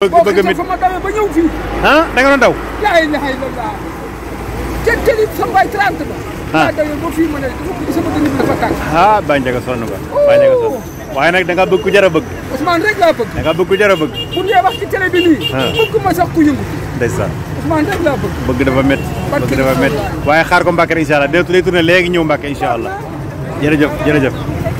bëgg bëgg mit ma ba ñëw fii. ah daw. yaa ngi neexee loolu ba. ko sama oh! waaye nag danga nga bëgg ku jar a bëgg. Ousmane rek bëgg. da bëgg ku jar a bëgg. pour ñu wax ci télé bëgg ma sax ku yëngu. ndeysaan. Ousmane rek laa bëgg. bëgg bëgg dafa métti waaye xaar ko Mbacke incha allah dina lay tourné léegi ñëw Mbacke incha allah jërëjëf jërëjëf